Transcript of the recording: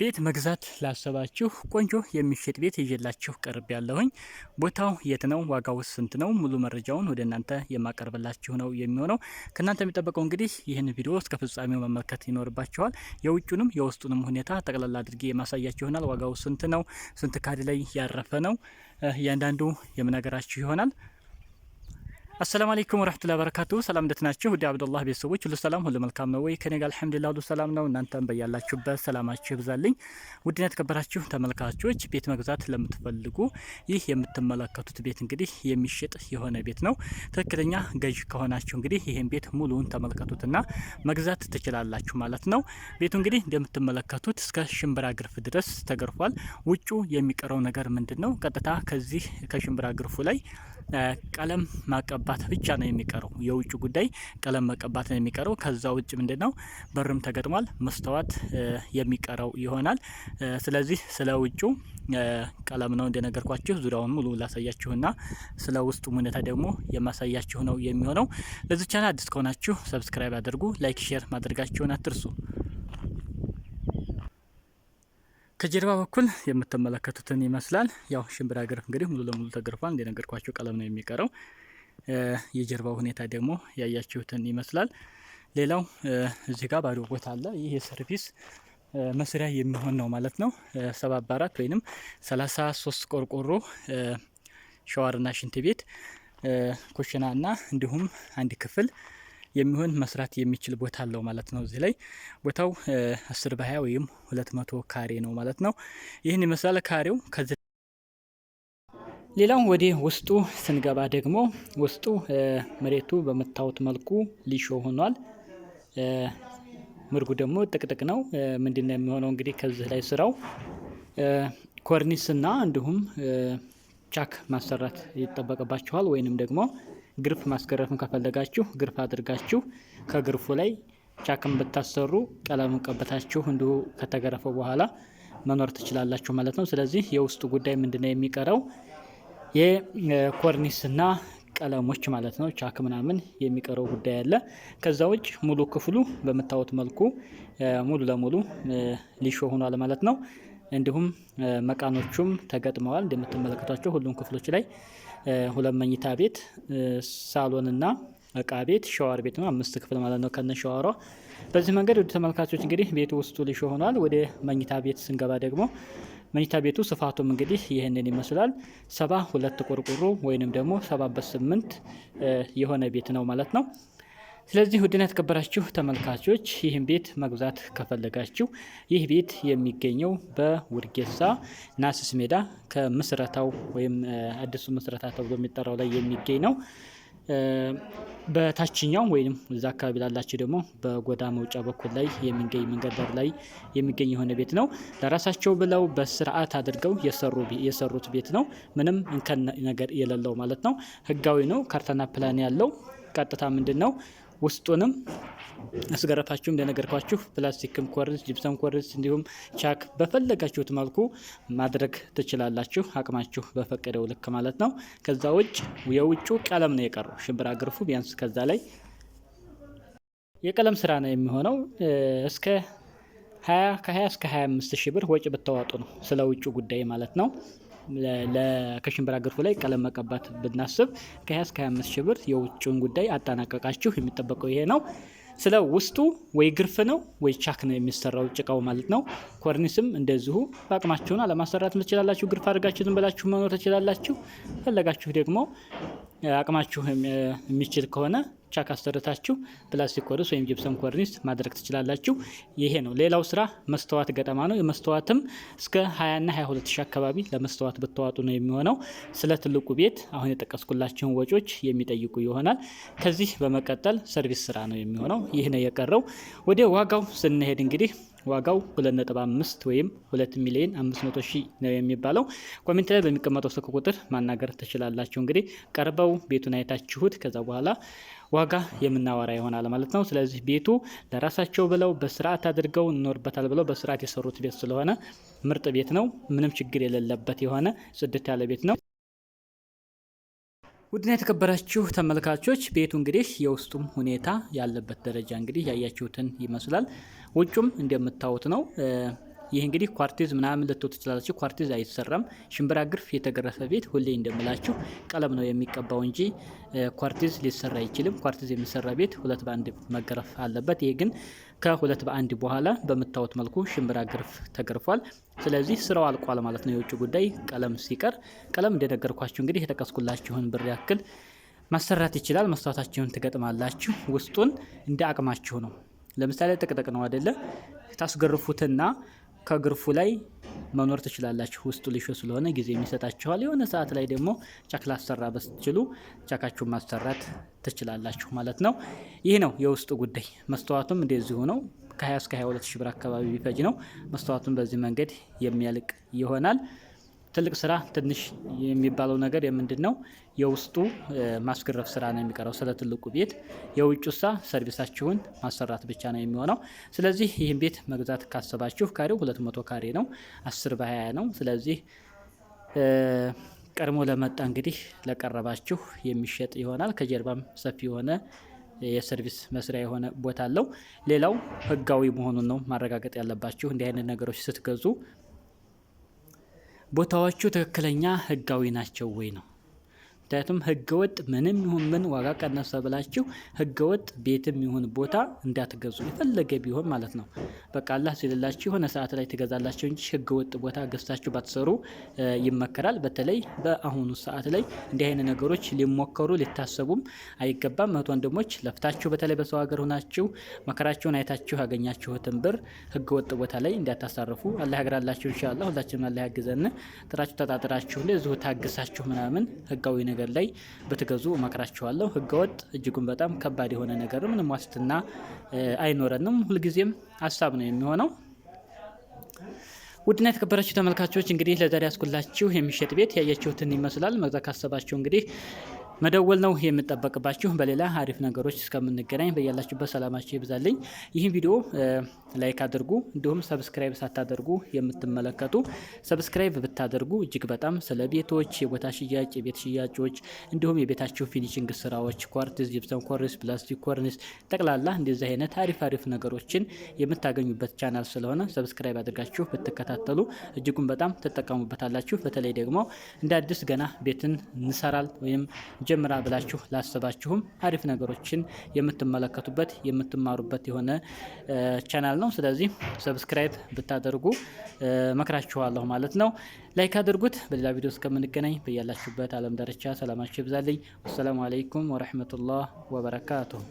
ቤት መግዛት ላሰባችሁ ቆንጆ የሚሸጥ ቤት ይዤላችሁ ቀርብ ያለሁኝ። ቦታው የት ነው? ዋጋው ስንት ነው? ሙሉ መረጃውን ወደ እናንተ የማቀርብላችሁ ነው የሚሆነው። ከእናንተ የሚጠበቀው እንግዲህ ይህን ቪዲዮ እስከ ፍጻሜው መመልከት ይኖርባችኋል። የውጩንም የውስጡንም ሁኔታ ጠቅላላ አድርጌ የማሳያችሁ ይሆናል። ዋጋው ስንት ነው? ስንት ካድ ላይ ያረፈ ነው? እያንዳንዱ የምነገራችሁ ይሆናል። አሰላሙ አለይኩም ወረህመቱላሂ በረካቱ። ሰላም እንዴት ናችሁ? ወዲ አብዱላህ ቤተሰቦች ሁሉ ሰላም ሁሉ መልካም ነው ወይ? ከኔ ጋር አልሐምዱሊላህ ሁሉ ሰላም ነው። እናንተም በያላችሁበት ሰላማችሁ ይብዛልኝ። ውድና የተከበራችሁ ተመልካቾች ቤት መግዛት ለምትፈልጉ ይህ የምትመለከቱት ቤት እንግዲህ የሚሸጥ የሆነ ቤት ነው። ትክክለኛ ገዥ ከሆናችሁ እንግዲህ ይህን ቤት ሙሉውን ተመልከቱትና መግዛት ትችላላችሁ ማለት ነው። ቤቱ እንግዲህ እንደምትመለከቱት እስከ ሽምብራ ግርፍ ድረስ ተገርፏል። ውጩ የሚቀረው ነገር ምንድን ነው? ቀጥታ ከዚህ ከሽምብራ ግርፉ ላይ ቀለም ማቀባት ብቻ ነው የሚቀረው። የውጭ ጉዳይ ቀለም መቀባት ነው የሚቀረው። ከዛ ውጭ ምንድን ነው በርም ተገጥሟል፣ መስተዋት የሚቀረው ይሆናል። ስለዚህ ስለ ውጩ ቀለም ነው እንደነገርኳችሁ ዙሪያውን ሙሉ ላሳያችሁና ስለ ውስጡ ሁኔታ ደግሞ የማሳያችሁ ነው የሚሆነው። ለዚህ ቻናል አዲስ ከሆናችሁ ሰብስክራይብ አድርጉ፣ ላይክ ሼር ማድረጋችሁን አትርሱ። ከጀርባ በኩል የምትመለከቱትን ይመስላል። ያው ሽምብራ ግርፍ እንግዲህ ሙሉ ለሙሉ ተገርፏል። እንደነገርኳቸው ቀለም ነው የሚቀረው። የጀርባው ሁኔታ ደግሞ ያያችሁትን ይመስላል። ሌላው እዚህ ጋር ባዶ ቦታ አለ። ይህ የሰርቪስ መስሪያ የሚሆን ነው ማለት ነው። ሰባ አባራት ወይም ሰላሳ ሶስት ቆርቆሮ ሸዋርና ሽንት ቤት ኩሽናና እንዲሁም አንድ ክፍል የሚሆን መስራት የሚችል ቦታ አለው ማለት ነው። እዚህ ላይ ቦታው አስር በሀያ ወይም ሁለት መቶ ካሬ ነው ማለት ነው። ይህን ይመስላል ካሬው ሌላው ወደ ውስጡ ስንገባ ደግሞ ውስጡ መሬቱ በምታዩት መልኩ ሊሾ ሆኗል። ምርጉ ደግሞ ጥቅጥቅ ነው። ምንድን ነው የሚሆነው እንግዲህ ከዚህ ላይ ስራው ኮርኒስና እንዲሁም ቻክ ማሰራት ይጠበቅባቸዋል ወይንም ደግሞ ግርፍ ማስገረፍም ከፈለጋችሁ ግርፍ አድርጋችሁ ከግርፉ ላይ ቻክን ብታሰሩ ቀለም ቀበታችሁ እንዲሁ ከተገረፈው በኋላ መኖር ትችላላችሁ ማለት ነው። ስለዚህ የውስጡ ጉዳይ ምንድነው የሚቀረው? የኮርኒስና ቀለሞች ማለት ነው። ቻክ ምናምን የሚቀረው ጉዳይ አለ። ከዛ ውጭ ሙሉ ክፍሉ በምታዩት መልኩ ሙሉ ለሙሉ ሊሾ ሆኗል ማለት ነው። እንዲሁም መቃኖቹም ተገጥመዋል። እንደምትመለከቷቸው ሁሉም ክፍሎች ላይ ሁለት መኝታ ቤት ሳሎንና እቃ ቤት ሸዋር ቤት ነው። አምስት ክፍል ማለት ነው ከነ ሸዋሯ። በዚህ መንገድ ወደ ተመልካቾች እንግዲህ ቤቱ ውስጡ ልሽ ሆኗል። ወደ መኝታ ቤት ስንገባ ደግሞ መኝታ ቤቱ ስፋቱም እንግዲህ ይህንን ይመስላል። ሰባ ሁለት ቆርቆሮ ወይንም ደግሞ ሰባ በስምንት የሆነ ቤት ነው ማለት ነው። ስለዚህ ውድና የተከበራችሁ ተመልካቾች ይህን ቤት መግዛት ከፈለጋችሁ ይህ ቤት የሚገኘው በውድጌሳ ናስስ ሜዳ ከምስረታው ወይም አዲሱ ምስረታ ተብሎ የሚጠራው ላይ የሚገኝ ነው። በታችኛው ወይም እዛ አካባቢ ላላችሁ ደግሞ በጎዳ መውጫ በኩል ላይ የሚገኝ መንገድ ዳር ላይ የሚገኝ የሆነ ቤት ነው። ለራሳቸው ብለው በስርዓት አድርገው የሰሩት ቤት ነው። ምንም እንከን ነገር የሌለው ማለት ነው። ህጋዊ ነው። ካርታና ፕላን ያለው ቀጥታ ምንድን ነው ውስጡንም አስገረፋችሁ እንደነገርኳችሁ ፕላስቲክም ኮርስ ጅብሰም ኮርስ እንዲሁም ቻክ በፈለጋችሁት መልኩ ማድረግ ትችላላችሁ፣ አቅማችሁ በፈቀደው ልክ ማለት ነው። ከዛ ውጭ የውጩ ቀለም ነው የቀረው። ሽንብራ ግርፉ ቢያንስ ከዛ ላይ የቀለም ስራ ነው የሚሆነው። እስከ ሀያ ከሀያ እስከ ሀያ አምስት ሺህ ብር ወጪ ብታዋጡ ነው ስለ ውጩ ጉዳይ ማለት ነው። ለከሽንብራ ገርፎ ላይ ቀለም መቀባት ብናስብ ከ20 እስከ 25 ሺህ ብር የውጭውን ጉዳይ አጠናቀቃችሁ የሚጠበቀው ይሄ ነው። ስለ ውስጡ ወይ ግርፍ ነው ወይ ቻክ ነው የሚሰራው ጭቃው ማለት ነው። ኮርኒስም እንደዚሁ በአቅማችሁን አለማሰራት ትችላላችሁ። ግርፍ አድርጋችሁ ዝም ብላችሁ መኖር ትችላላችሁ። ፈለጋችሁ ደግሞ አቅማችሁ የሚችል ከሆነ ቻክ አሰርታችሁ ፕላስቲክ ኮርኒስ ወይም ጅብሰም ኮርኒስ ማድረግ ትችላላችሁ። ይሄ ነው። ሌላው ስራ መስተዋት ገጠማ ነው። የመስተዋትም እስከ 20ና 22 ሺ አካባቢ ለመስተዋት ብታዋጡ ነው የሚሆነው። ስለ ትልቁ ቤት አሁን የጠቀስኩላችሁን ወጪዎች የሚጠይቁ ይሆናል። ከዚህ በመቀጠል ሰርቪስ ስራ ነው የሚሆነው። ይህ ነው የቀረው። ወደ ዋጋው ስንሄድ እንግዲህ ዋጋው 2.5 ወይም 2 ሚሊዮን 500 ሺህ ነው የሚባለው። ኮሜንት ላይ በሚቀመጠው ስልክ ቁጥር ማናገር ትችላላችሁ። እንግዲህ ቀርበው ቤቱን አይታችሁት ከዛ በኋላ ዋጋ የምናወራ ይሆናል ማለት ነው። ስለዚህ ቤቱ ለራሳቸው ብለው በስርዓት አድርገው እንኖርበታል ብለው በስርዓት የሰሩት ቤት ስለሆነ ምርጥ ቤት ነው። ምንም ችግር የሌለበት የሆነ ጽድት ያለ ቤት ነው። ውድና የተከበራችሁ ተመልካቾች ቤቱ እንግዲህ የውስጡም ሁኔታ ያለበት ደረጃ እንግዲህ ያያችሁትን ይመስላል። ውጩም እንደምታዩት ነው። ይህ እንግዲህ ኳርቲዝ ምናምን ልትወ ትችላላችሁ። ኳርቲዝ አይሰራም። ሽምብራ ግርፍ የተገረፈ ቤት ሁሌ እንደምላችሁ ቀለም ነው የሚቀባው እንጂ ኳርቲዝ ሊሰራ አይችልም። ኳርቲዝ የሚሰራ ቤት ሁለት በአንድ መገረፍ አለበት። ይህ ግን ከሁለት በአንድ በኋላ በምታዩት መልኩ ሽምብራ ግርፍ ተገርፏል። ስለዚህ ስራው አልቋል ማለት ነው። የውጭ ጉዳይ ቀለም ሲቀር ቀለም እንደነገርኳችሁ እንግዲህ የጠቀስኩላችሁን ብር ያክል ማሰራት ይችላል። መስታወታችሁን ትገጥማላችሁ። ውስጡን እንደ አቅማችሁ ነው። ለምሳሌ ጥቅጥቅ ነው አደለ? ታስገርፉትና ከግርፉ ላይ መኖር ትችላላችሁ። ውስጡ ልሾ ስለሆነ ጊዜ የሚሰጣችኋል። የሆነ ሰዓት ላይ ደግሞ ቻክ ላሰራ በስትችሉ ቻካችሁን ማሰራት ትችላላችሁ ማለት ነው። ይህ ነው የውስጡ ጉዳይ። መስተዋቱም እንደዚሁ ነው። ከ20 እስከ 22 ሺ ብር አካባቢ ቢፈጅ ነው መስተዋቱን በዚህ መንገድ የሚያልቅ ይሆናል። ትልቅ ስራ ትንሽ የሚባለው ነገር የምንድን ነው? የውስጡ ማስገረፍ ስራ ነው የሚቀረው። ስለ ትልቁ ቤት የውጭሳ ሰርቪሳችሁን ማሰራት ብቻ ነው የሚሆነው። ስለዚህ ይህን ቤት መግዛት ካሰባችሁ ካሬው 200 ካሬ ነው፣ 10 በ20 ነው። ስለዚህ ቀድሞ ለመጣ እንግዲህ ለቀረባችሁ የሚሸጥ ይሆናል። ከጀርባም ሰፊ የሆነ የሰርቪስ መስሪያ የሆነ ቦታ አለው። ሌላው ህጋዊ መሆኑን ነው ማረጋገጥ ያለባችሁ። እንዲህ አይነት ነገሮች ስትገዙ ቦታዎቹ ትክክለኛ ህጋዊ ናቸው ወይ ነው። ምክንያቱም ህገወጥ ምንም ይሁን ምን ዋጋ ቀነሰ ብላችሁ ህገወጥ ቤትም ይሁን ቦታ እንዳትገዙ፣ የፈለገ ቢሆን ማለት ነው። በቃ አላህ ሲልላችሁ የሆነ ሰዓት ላይ ትገዛላቸው እንጂ ህገወጥ ቦታ ገዝታችሁ ባትሰሩ ይመከራል። በተለይ በአሁኑ ሰዓት ላይ እንዲህ አይነት ነገሮች ሊሞከሩ ሊታሰቡም አይገባም። እህት ወንድሞች፣ ለፍታችሁ በተለይ በሰው ሀገር ሆናችሁ መከራችሁን አይታችሁ ያገኛችሁትን ብር ህገወጥ ቦታ ላይ እንዳታሳርፉ። አላህ ያግራላችሁ። እንሻላ ሁላችንም አላህ ያግዘን። ጥራችሁ ተጣጥራችሁ እንደዚሁ ታግሳችሁ ምናምን ህጋዊ ነገር ነገር ላይ ብትገዙ እመክራችኋለሁ። ህገወጥ እጅጉን በጣም ከባድ የሆነ ነገር፣ ምንም ዋስትና አይኖረንም። ሁልጊዜም ሀሳብ ነው የሚሆነው። ውድና የተከበራችሁ ተመልካቾች እንግዲህ ለዛሬ ያስኩላችሁ የሚሸጥ ቤት ያያችሁትን ይመስላል። መግዛት ካሰባችሁ እንግዲህ መደወል ነው የምጠበቅባችሁ። በሌላ አሪፍ ነገሮች እስከምንገናኝ በያላችሁበት ሰላማችሁ ይብዛልኝ። ይህን ቪዲዮ ላይክ አድርጉ፣ እንዲሁም ሰብስክራይብ ሳታደርጉ የምትመለከቱ ሰብስክራይብ ብታደርጉ እጅግ በጣም ስለ ቤቶች፣ የቦታ ሽያጭ፣ የቤት ሽያጮች እንዲሁም የቤታችሁ ፊኒሽንግ ስራዎች ኳርትዝ፣ ጅብሰን ኮርኒስ፣ ፕላስቲክ ኮርኒስ ጠቅላላ እንደዚህ አይነት አሪፍ አሪፍ ነገሮችን የምታገኙበት ቻናል ስለሆነ ሰብስክራይብ አድርጋችሁ ብትከታተሉ እጅጉን በጣም ትጠቀሙበታላችሁ። በተለይ ደግሞ እንደ አዲስ ገና ቤትን እንሰራል ወይም ጀምራ ብላችሁ ላሰባችሁም አሪፍ ነገሮችን የምትመለከቱበት የምትማሩበት የሆነ ቻናል ነው። ስለዚህ ሰብስክራይብ ብታደርጉ መክራችኋለሁ ማለት ነው። ላይክ አድርጉት። በሌላ ቪዲዮ እስከምንገናኝ በያላችሁበት አለም ዳርቻ ሰላማችሁ ይብዛልኝ። አሰላሙ አለይኩም ወረህመቱላህ ወበረካቱሁ።